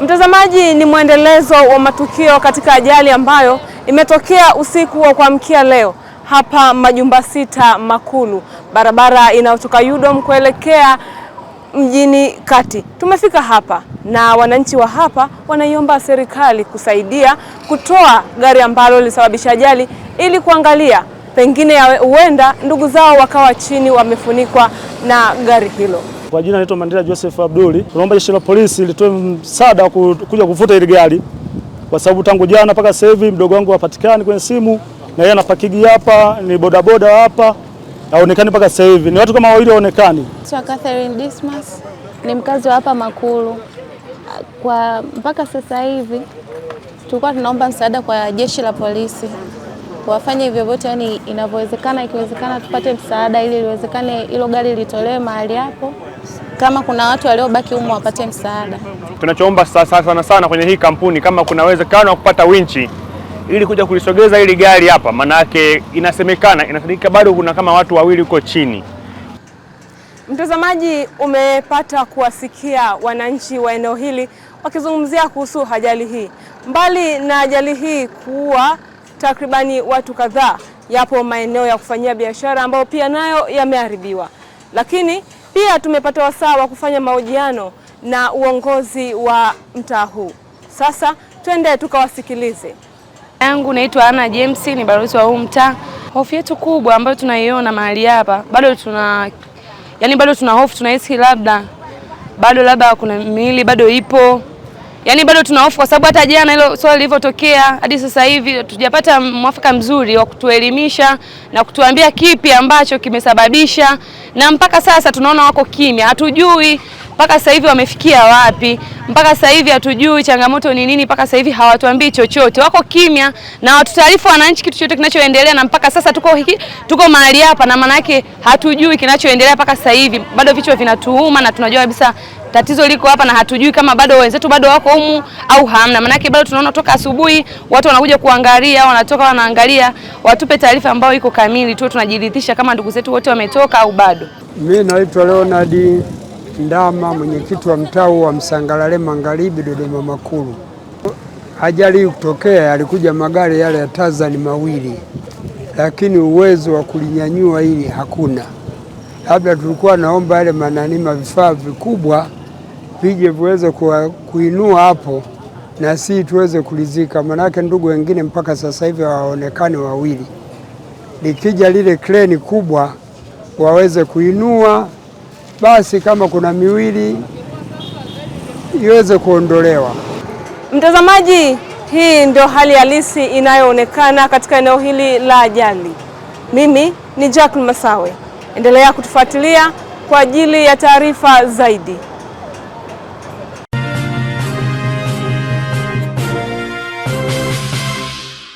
Mtazamaji, ni mwendelezo wa matukio katika ajali ambayo imetokea usiku wa kuamkia leo hapa Majumba Sita Makulu, barabara inayotoka Yudom kuelekea mjini kati. Tumefika hapa na wananchi wa hapa wanaiomba serikali kusaidia kutoa gari ambalo lilisababisha ajali ili kuangalia pengine huenda ndugu zao wakawa chini wamefunikwa na gari hilo. Kwa jina naitwa Mandela Joseph Abduli. Tunaomba jeshi la polisi litoe msaada wa kuja kuvuta hili gari, kwa sababu tangu jana mpaka sasa hivi mdogo wangu hapatikani kwenye simu, na yeye anapakigi hapa, ni bodaboda hapa, haonekani mpaka sasa hivi. Ni watu kama wawili haonekani. Sio Catherine Dismas ni mkazi wa hapa Makulu. Kwa mpaka sasa hivi tulikuwa tunaomba msaada kwa jeshi la polisi wafanye hivyo vyote, yani inavyowezekana, ikiwezekana tupate msaada ili liwezekane hilo gari litolewe mahali hapo, kama kuna watu waliobaki humo wapate msaada. Tunachoomba sasa sana sana kwenye hii kampuni, kama kuna uwezekano wa kupata winchi ili kuja kulisogeza hili gari hapa, yake inasemekana inasadikika bado kuna kama watu wawili huko chini. Mtazamaji, umepata kuwasikia wananchi wa eneo hili wakizungumzia kuhusu ajali hii. Mbali na ajali hii kuwa takribani watu kadhaa. Yapo maeneo ya kufanyia biashara ambayo pia nayo yameharibiwa, lakini pia tumepata wasaa wa kufanya mahojiano na uongozi wa mtaa huu. Sasa twende tukawasikilize. yangu naitwa Ana James, ni balozi wa huu mtaa. Hofu yetu kubwa ambayo tunaiona mahali hapa bado tuna yani, bado tuna hofu, tunahisi labda bado labda kuna miili bado ipo Yaani bado tuna hofu kwa sababu hata jana hilo swali lilivyotokea hadi sasa hivi tujapata mwafaka mzuri wa kutuelimisha na kutuambia kipi ambacho kimesababisha, na mpaka sasa tunaona wako kimya, hatujui mpaka sasa hivi wamefikia wapi, mpaka sasa hivi hatujui changamoto ni nini, mpaka sasa hivi hawatuambii chochote, wako kimya na watutaarifu wananchi kitu chochote kinachoendelea, na mpaka sasa tuko hiki, tuko mahali hapa, na maana yake hatujui kinachoendelea mpaka sasa hivi, bado vichwa vinatuuma na tunajua kabisa tatizo liko hapa na hatujui kama bado wenzetu bado wako humu au hamna. Maanake bado tunaona toka asubuhi watu wanakuja kuangalia, wanatoka wanaangalia. Watupe taarifa ambayo iko kamili, tuwe tunajiridhisha kama ndugu zetu wote wametoka au bado. Mimi naitwa Leonard Ndama, mwenyekiti wa mtaa wa Msangalale Magharibi, Dodoma Makulu. Ajali kutokea, alikuja magari yale ya Tazani mawili, lakini uwezo wa kulinyanyua hili hakuna. Labda tulikuwa naomba yale mananima vifaa vikubwa vije viweze kuinua hapo na si tuweze kulizika, manake ndugu wengine mpaka sasa hivi hawaonekani wawili. Likija lile kreni kubwa waweze kuinua, basi kama kuna miwili iweze kuondolewa. Mtazamaji, hii ndio hali halisi inayoonekana katika eneo hili la ajali. Mimi ni Jacqueline Masawe, endelea kutufuatilia kwa ajili ya taarifa zaidi.